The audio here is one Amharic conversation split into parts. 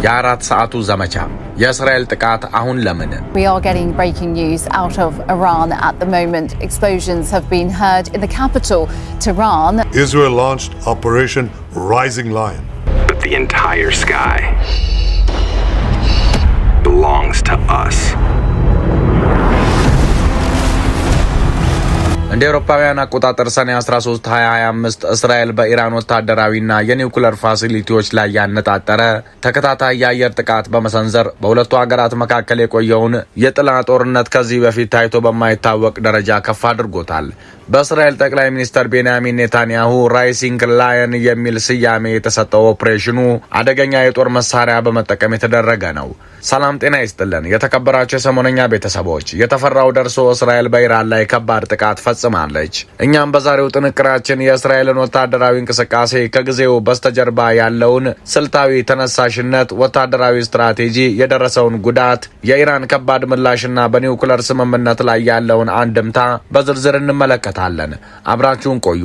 We are getting breaking news out of Iran at the moment. Explosions have been heard in the capital, Tehran. Israel launched Operation Rising Lion. But the entire sky belongs to us. እንደ አውሮፓውያን አቆጣጠር ሰኔ 13 2025 እስራኤል በኢራን ወታደራዊና የኒውክለር ፋሲሊቲዎች ላይ ያነጣጠረ ተከታታይ የአየር ጥቃት በመሰንዘር በሁለቱ ሀገራት መካከል የቆየውን የጥላ ጦርነት ከዚህ በፊት ታይቶ በማይታወቅ ደረጃ ከፍ አድርጎታል። በእስራኤል ጠቅላይ ሚኒስትር ቤንያሚን ኔታንያሁ ራይሲንግ ላየን የሚል ስያሜ የተሰጠው ኦፕሬሽኑ አደገኛ የጦር መሳሪያ በመጠቀም የተደረገ ነው። ሰላም ጤና ይስጥልን የተከበራቸው የሰሞነኛ ቤተሰቦች፣ የተፈራው ደርሶ እስራኤል በኢራን ላይ ከባድ ጥቃት ፈጽማለች። እኛም በዛሬው ጥንቅራችን የእስራኤልን ወታደራዊ እንቅስቃሴ ከጊዜው በስተጀርባ ያለውን ስልታዊ ተነሳሽነት፣ ወታደራዊ ስትራቴጂ፣ የደረሰውን ጉዳት፣ የኢራን ከባድ ምላሽና በኒውክለር ስምምነት ላይ ያለውን አንድምታ በዝርዝር እንመለከታል። እንመለከታለን። አብራችሁን ቆዩ።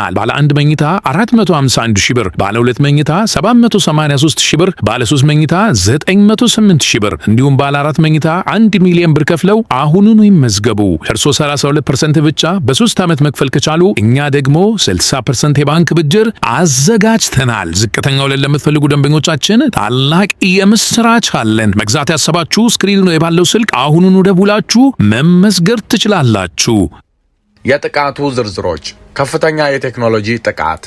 ይሆናል። ባለ አንድ መኝታ 451 ሺህ ብር፣ ባለ ሁለት መኝታ 783 ሺህ ብር፣ ባለ ሶስት መኝታ 908 ሺህ ብር እንዲሁም ባለ አራት መኝታ 1 ሚሊዮን ብር ከፍለው አሁኑኑ ይመዝገቡ። እርሶ 32% ብቻ በ3 ዓመት መክፈል ከቻሉ እኛ ደግሞ 60% የባንክ ብድር አዘጋጅተናል። ዝቅተኛው ለምትፈልጉ ደንበኞቻችን ታላቅ የምስራች አለን። መግዛት ያሰባችሁ ስክሪኑ ነው የባለው ስልክ አሁኑኑ ደውላችሁ መመዝገር ትችላላችሁ። የጥቃቱ ዝርዝሮች ከፍተኛ የቴክኖሎጂ ጥቃት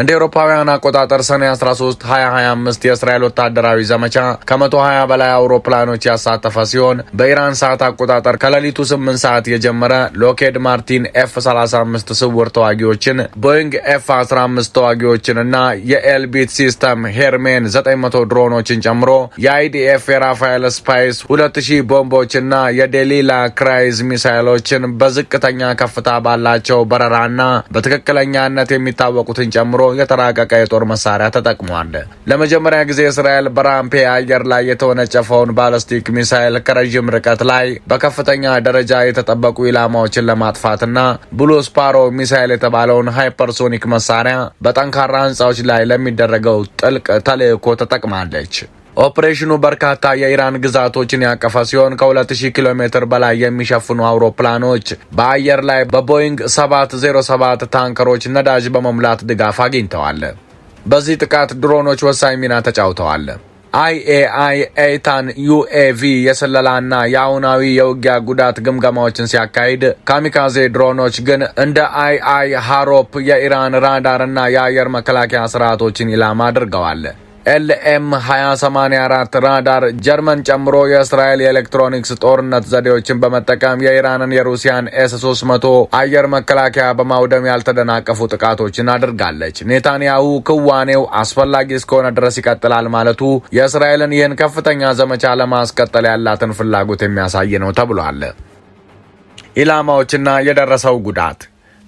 እንደ ኤውሮፓውያን አቆጣጠር ሰኔ 13 2025 የእስራኤል ወታደራዊ ዘመቻ ከ120 በላይ አውሮፕላኖች ያሳተፈ ሲሆን በኢራን ሰዓት አቆጣጠር ከሌሊቱ 8 ሰዓት የጀመረ ሎኬድ ማርቲን ኤፍ 35 ስውር ተዋጊዎችን፣ ቦይንግ ኤፍ 15 ተዋጊዎችን እና የኤልቢት ሲስተም ሄርሜን 900 ድሮኖችን ጨምሮ የአይዲኤፍ የራፋኤል ስፓይስ 2000 ቦምቦች እና የዴሊላ ክራይዝ ሚሳይሎችን በዝቅተኛ ከፍታ ባላቸው በረራና በትክክለኛነት የሚታወቁትን ጨምሮ ጨምሮ የተራቀቀ የጦር መሳሪያ ተጠቅሟል። ለመጀመሪያ ጊዜ እስራኤል በራምፔ አየር ላይ የተወነጨፈውን ባለስቲክ ሚሳይል ከረዥም ርቀት ላይ በከፍተኛ ደረጃ የተጠበቁ ኢላማዎችን ለማጥፋትና ብሉ ስፓሮ ሚሳይል የተባለውን ሃይፐርሶኒክ መሳሪያ በጠንካራ ህንፃዎች ላይ ለሚደረገው ጥልቅ ተልዕኮ ተጠቅማለች። ኦፕሬሽኑ በርካታ የኢራን ግዛቶችን ያቀፈ ሲሆን ከ200 ኪሎ ሜትር በላይ የሚሸፍኑ አውሮፕላኖች በአየር ላይ በቦይንግ 707 ታንከሮች ነዳጅ በመሙላት ድጋፍ አግኝተዋል። በዚህ ጥቃት ድሮኖች ወሳኝ ሚና ተጫውተዋል። አይኤአይ ኤታን ዩኤቪ የስለላና የአሁናዊ የውጊያ ጉዳት ግምገማዎችን ሲያካሂድ ካሚካዜ ድሮኖች ግን እንደ አይአይ ሃሮፕ የኢራን ራዳርና የአየር መከላከያ ስርዓቶችን ኢላማ አድርገዋል። ኤልኤም 2084 ራዳር ጀርመን ጨምሮ የእስራኤል የኤሌክትሮኒክስ ጦርነት ዘዴዎችን በመጠቀም የኢራንን የሩሲያን ኤስ 300 አየር መከላከያ በማውደም ያልተደናቀፉ ጥቃቶችን አድርጋለች። ኔታንያሁ ክዋኔው አስፈላጊ እስከሆነ ድረስ ይቀጥላል ማለቱ የእስራኤልን ይህን ከፍተኛ ዘመቻ ለማስቀጠል ያላትን ፍላጎት የሚያሳይ ነው ተብሏል። ኢላማዎችና የደረሰው ጉዳት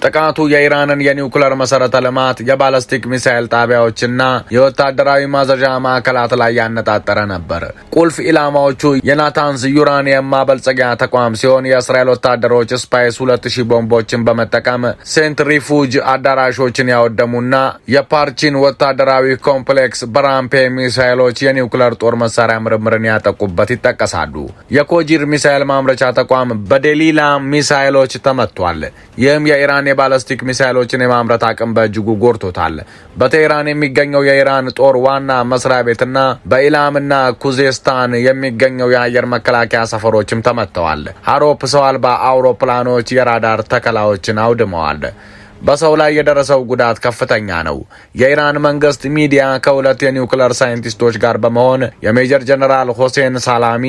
ጥቃቱ የኢራንን የኒውክለር መሰረተ ልማት፣ የባለስቲክ ሚሳይል ጣቢያዎችና የወታደራዊ ማዘዣ ማዕከላት ላይ ያነጣጠረ ነበር። ቁልፍ ኢላማዎቹ የናታንስ ዩራኒየም ማበልጸጊያ ተቋም ሲሆን የእስራኤል ወታደሮች ስፓይስ 2000 ቦምቦችን በመጠቀም ሴንት ሪፉጅ አዳራሾችን ያወደሙና የፓርቺን ወታደራዊ ኮምፕሌክስ በራምፔ ሚሳይሎች የኒውክለር ጦር መሳሪያ ምርምርን ያጠቁበት ይጠቀሳሉ። የኮጂር ሚሳይል ማምረቻ ተቋም በዴሊላ ሚሳይሎች ተመቷል። ይህም የኢራን የባለስቲክ ሚሳይሎችን የማምረት አቅም በእጅጉ ጎድቶታል። በቴህራን የሚገኘው የኢራን ጦር ዋና መስሪያ ቤትና በኢላምና ኩዜስታን የሚገኘው የአየር መከላከያ ሰፈሮችም ተመትተዋል። አሮፕ ሰው አልባ አውሮፕላኖች የራዳር ተከላዎችን አውድመዋል። በሰው ላይ የደረሰው ጉዳት ከፍተኛ ነው። የኢራን መንግስት ሚዲያ ከሁለት የኒውክለር ሳይንቲስቶች ጋር በመሆን የሜጀር ጀነራል ሆሴን ሳላሚ፣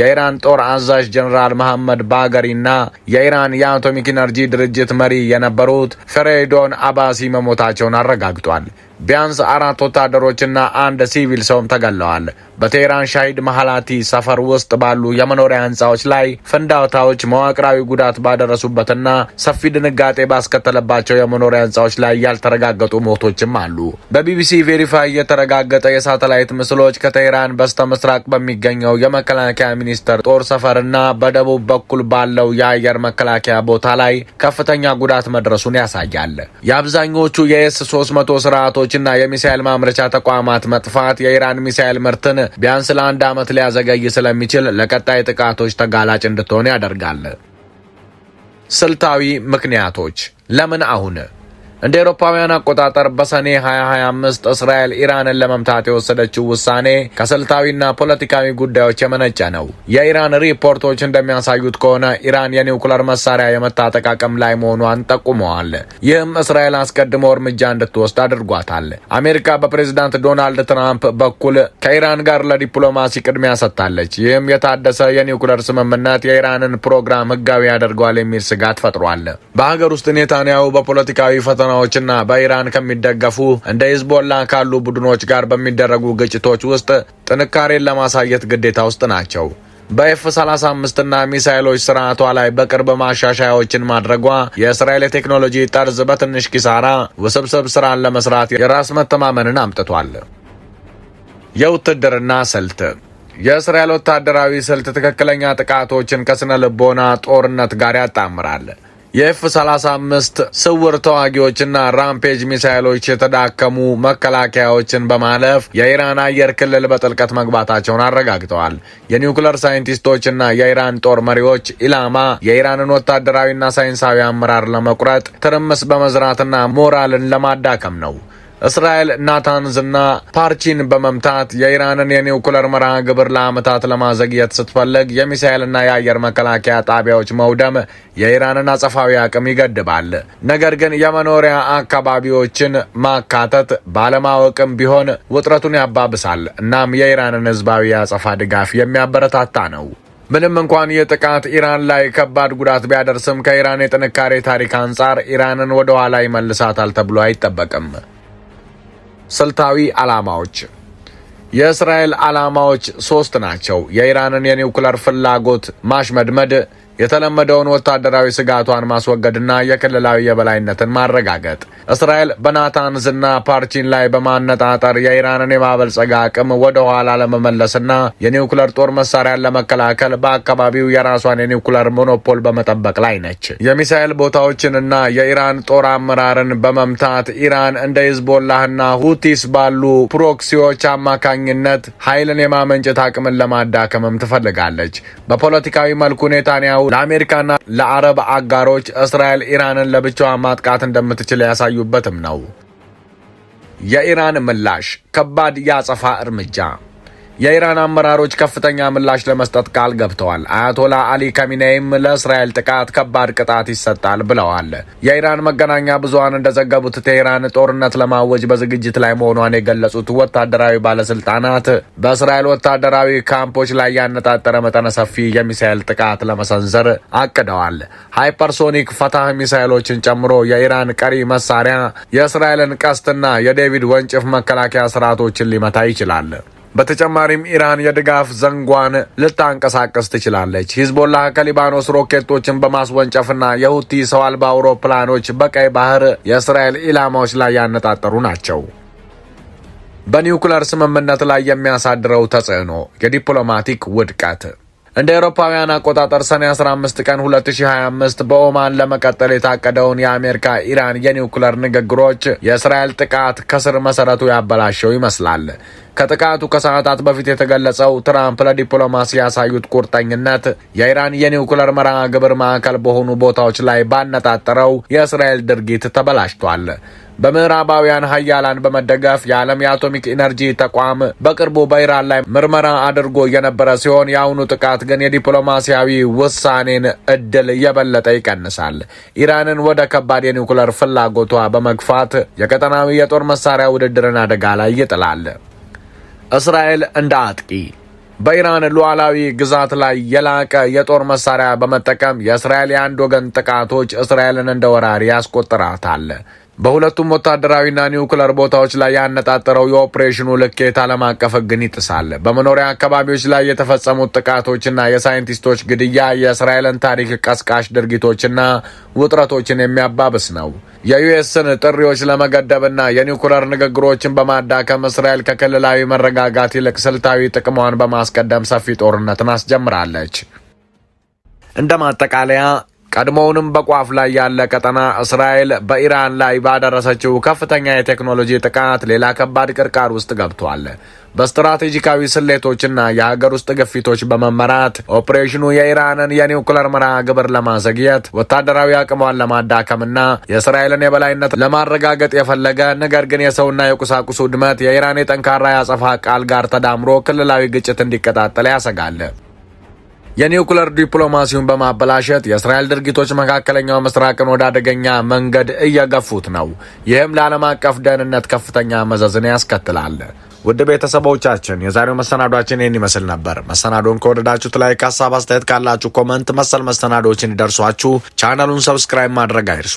የኢራን ጦር አዛዥ ጀነራል መሐመድ ባገሪና የኢራን የአቶሚክ ኢነርጂ ድርጅት መሪ የነበሩት ፍሬዶን አባሲ መሞታቸውን አረጋግጧል። ቢያንስ አራት ወታደሮችና አንድ ሲቪል ሰውም ተገለዋል። በቴህራን ሻሂድ መሐላቲ ሰፈር ውስጥ ባሉ የመኖሪያ ህንፃዎች ላይ ፍንዳታዎች መዋቅራዊ ጉዳት ባደረሱበትና ሰፊ ድንጋጤ ባስከተለባቸው የመኖሪያ ህንፃዎች ላይ ያልተረጋገጡ ሞቶችም አሉ። በቢቢሲ ቬሪፋይ የተረጋገጠ የሳተላይት ምስሎች ከቴህራን በስተ ምስራቅ በሚገኘው የመከላከያ ሚኒስቴር ጦር ሰፈርና በደቡብ በኩል ባለው የአየር መከላከያ ቦታ ላይ ከፍተኛ ጉዳት መድረሱን ያሳያል። የአብዛኞቹ የኤስ 300 ስርዓቶች ሚሳይሎችና የሚሳኤል ማምረቻ ተቋማት መጥፋት የኢራን ሚሳኤል ምርትን ቢያንስ ለአንድ ዓመት ሊያዘገይ ስለሚችል ለቀጣይ ጥቃቶች ተጋላጭ እንድትሆን ያደርጋል። ስልታዊ ምክንያቶች ለምን አሁን እንደ ኤሮፓውያን አቆጣጠር በሰኔ 2025 እስራኤል ኢራንን ለመምታት የወሰደችው ውሳኔ ከስልታዊና ፖለቲካዊ ጉዳዮች የመነጨ ነው። የኢራን ሪፖርቶች እንደሚያሳዩት ከሆነ ኢራን የኒውክለር መሳሪያ የመታጠቅ አቅም ላይ መሆኗን ጠቁመዋል። ይህም እስራኤል አስቀድሞ እርምጃ እንድትወስድ አድርጓታል። አሜሪካ በፕሬዝዳንት ዶናልድ ትራምፕ በኩል ከኢራን ጋር ለዲፕሎማሲ ቅድሚያ ሰጥታለች። ይህም የታደሰ የኒውክለር ስምምነት የኢራንን ፕሮግራም ህጋዊ ያደርገዋል የሚል ስጋት ፈጥሯል። በሀገር ውስጥ ኔታንያሁ በፖለቲካዊ ፈተና ቡድኖችና በኢራን ከሚደገፉ እንደ ሂዝቦላ ካሉ ቡድኖች ጋር በሚደረጉ ግጭቶች ውስጥ ጥንካሬን ለማሳየት ግዴታ ውስጥ ናቸው። በኤፍ 35 እና ሚሳይሎች ስርዓቷ ላይ በቅርብ ማሻሻያዎችን ማድረጓ የእስራኤል የቴክኖሎጂ ጠርዝ በትንሽ ኪሳራ ውስብስብ ስራን ለመስራት የራስ መተማመንን አምጥቷል። የውትድርና ስልት የእስራኤል ወታደራዊ ስልት ትክክለኛ ጥቃቶችን ከስነ ልቦና ጦርነት ጋር ያጣምራል። የኤፍ 35 ስውር ተዋጊዎችና ራምፔጅ ሚሳይሎች የተዳከሙ መከላከያዎችን በማለፍ የኢራን አየር ክልል በጥልቀት መግባታቸውን አረጋግጠዋል። የኒውክለር ሳይንቲስቶችና የኢራን ጦር መሪዎች ኢላማ የኢራንን ወታደራዊና ሳይንሳዊ አመራር ለመቁረጥ ትርምስ በመዝራትና ሞራልን ለማዳከም ነው። እስራኤል ናታንዝና ፓርቺን በመምታት የኢራንን የኒውክለር መርሃ ግብር ለዓመታት ለማዘግየት ስትፈልግ የሚሳኤልና የአየር መከላከያ ጣቢያዎች መውደም የኢራንን አጸፋዊ አቅም ይገድባል። ነገር ግን የመኖሪያ አካባቢዎችን ማካተት ባለማወቅም ቢሆን ውጥረቱን ያባብሳል። እናም የኢራንን ህዝባዊ የአጸፋ ድጋፍ የሚያበረታታ ነው። ምንም እንኳን ይህ ጥቃት ኢራን ላይ ከባድ ጉዳት ቢያደርስም ከኢራን የጥንካሬ ታሪክ አንጻር ኢራንን ወደ ኋላ ይመልሳታል ተብሎ አይጠበቅም። ስልታዊ ዓላማዎች የእስራኤል ዓላማዎች ሶስት ናቸው። የኢራንን የኒውክለር ፍላጎት ማሽመድመድ የተለመደውን ወታደራዊ ስጋቷን ማስወገድና የክልላዊ የበላይነትን ማረጋገጥ፣ እስራኤል በናታንዝና ፓርቺን ላይ በማነጣጠር የኢራንን የማበልጸግ አቅም ወደ ኋላ ለመመለስና የኒውክለር ጦር መሳሪያን ለመከላከል በአካባቢው የራሷን የኒውክለር ሞኖፖል በመጠበቅ ላይ ነች። የሚሳኤል ቦታዎችንና የኢራን ጦር አመራርን በመምታት ኢራን እንደ ሂዝቦላህና ሁቲስ ባሉ ፕሮክሲዎች አማካኝነት ኃይልን የማመንጨት አቅምን ለማዳከምም ትፈልጋለች። በፖለቲካዊ መልኩ ኔታንያሁ አበባው ለአሜሪካና ለአረብ አጋሮች እስራኤል ኢራንን ለብቻዋ ማጥቃት እንደምትችል ያሳዩበትም ነው። የኢራን ምላሽ ከባድ የአጸፋ እርምጃ የኢራን አመራሮች ከፍተኛ ምላሽ ለመስጠት ቃል ገብተዋል። አያቶላ አሊ ካሚኔይም ለእስራኤል ጥቃት ከባድ ቅጣት ይሰጣል ብለዋል። የኢራን መገናኛ ብዙኃን እንደዘገቡት ቴሄራን ጦርነት ለማወጅ በዝግጅት ላይ መሆኗን የገለጹት ወታደራዊ ባለስልጣናት በእስራኤል ወታደራዊ ካምፖች ላይ ያነጣጠረ መጠነ ሰፊ የሚሳኤል ጥቃት ለመሰንዘር አቅደዋል። ሃይፐርሶኒክ ፈታህ ሚሳኤሎችን ጨምሮ የኢራን ቀሪ መሳሪያ የእስራኤልን ቀስትና የዴቪድ ወንጭፍ መከላከያ ስርዓቶችን ሊመታ ይችላል። በተጨማሪም ኢራን የድጋፍ ዘንጓን ልታንቀሳቀስ ትችላለች። ሂዝቦላ ከሊባኖስ ሮኬቶችን በማስወንጨፍና የሁቲ ሰው አልባ አውሮፕላኖች በቀይ ባህር የእስራኤል ኢላማዎች ላይ ያነጣጠሩ ናቸው። በኒውክለር ስምምነት ላይ የሚያሳድረው ተጽዕኖ የዲፕሎማቲክ ውድቀት እንደ አውሮፓውያን አቆጣጠር ሰኔ 15 ቀን 2025 በኦማን ለመቀጠል የታቀደውን የአሜሪካ ኢራን የኒውክለር ንግግሮች የእስራኤል ጥቃት ከስር መሰረቱ ያበላሸው ይመስላል። ከጥቃቱ ከሰዓታት በፊት የተገለጸው ትራምፕ ለዲፕሎማሲ ያሳዩት ቁርጠኝነት የኢራን የኒውክለር መርሃ ግብር ማዕከል በሆኑ ቦታዎች ላይ ባነጣጠረው የእስራኤል ድርጊት ተበላሽቷል። በምዕራባውያን ሀያላን በመደገፍ የዓለም የአቶሚክ ኢነርጂ ተቋም በቅርቡ በኢራን ላይ ምርመራ አድርጎ የነበረ ሲሆን የአሁኑ ጥቃት ግን የዲፕሎማሲያዊ ውሳኔን እድል የበለጠ ይቀንሳል። ኢራንን ወደ ከባድ የኒውክለር ፍላጎቷ በመግፋት የቀጠናዊ የጦር መሳሪያ ውድድርን አደጋ ላይ ይጥላል። እስራኤል እንደ አጥቂ በኢራን ሉዓላዊ ግዛት ላይ የላቀ የጦር መሳሪያ በመጠቀም የእስራኤል የአንድ ወገን ጥቃቶች እስራኤልን እንደ ወራሪ ያስቆጥራታል። በሁለቱም ወታደራዊና ኒውክለር ቦታዎች ላይ ያነጣጠረው የኦፕሬሽኑ ልኬት ዓለም አቀፍ ሕግን ይጥሳል። በመኖሪያ አካባቢዎች ላይ የተፈጸሙት ጥቃቶችና የሳይንቲስቶች ግድያ የእስራኤልን ታሪክ ቀስቃሽ ድርጊቶችና ውጥረቶችን የሚያባብስ ነው። የዩኤስን ጥሪዎች ለመገደብና የኒውክለር ንግግሮችን በማዳከም እስራኤል ከክልላዊ መረጋጋት ይልቅ ስልታዊ ጥቅሟን በማስቀደም ሰፊ ጦርነትን አስጀምራለች። እንደ ማጠቃለያ ቀድሞውንም በቋፍ ላይ ያለ ቀጠና እስራኤል በኢራን ላይ ባደረሰችው ከፍተኛ የቴክኖሎጂ ጥቃት ሌላ ከባድ ቅርቃር ውስጥ ገብቷል። በስትራቴጂካዊ ስሌቶችና የሀገር ውስጥ ግፊቶች በመመራት ኦፕሬሽኑ የኢራንን የኒውክለር መርሃ ግብር ለማዘግየት ወታደራዊ አቅሟን ለማዳከምና የእስራኤልን የበላይነት ለማረጋገጥ የፈለገ ነገር ግን የሰውና የቁሳቁስ ውድመት የኢራን የጠንካራ ያጸፋ ቃል ጋር ተዳምሮ ክልላዊ ግጭት እንዲቀጣጠል ያሰጋል። የኒውክለር ዲፕሎማሲውን በማበላሸት የእስራኤል ድርጊቶች መካከለኛው ምስራቅን ወደ አደገኛ መንገድ እየገፉት ነው። ይህም ለዓለም አቀፍ ደህንነት ከፍተኛ መዘዝን ያስከትላል። ውድ ቤተሰቦቻችን የዛሬው መሰናዷችን ይህን ይመስል ነበር። መሰናዶን ከወደዳችሁት ላይ ከሀሳብ አስተያየት ካላችሁ ኮመንት፣ መሰል መሰናዶዎች እንዲደርሷችሁ ቻናሉን ሰብስክራይብ ማድረግ አይርሱ።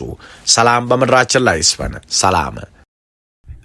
ሰላም በምድራችን ላይ ይስፈን። ሰላም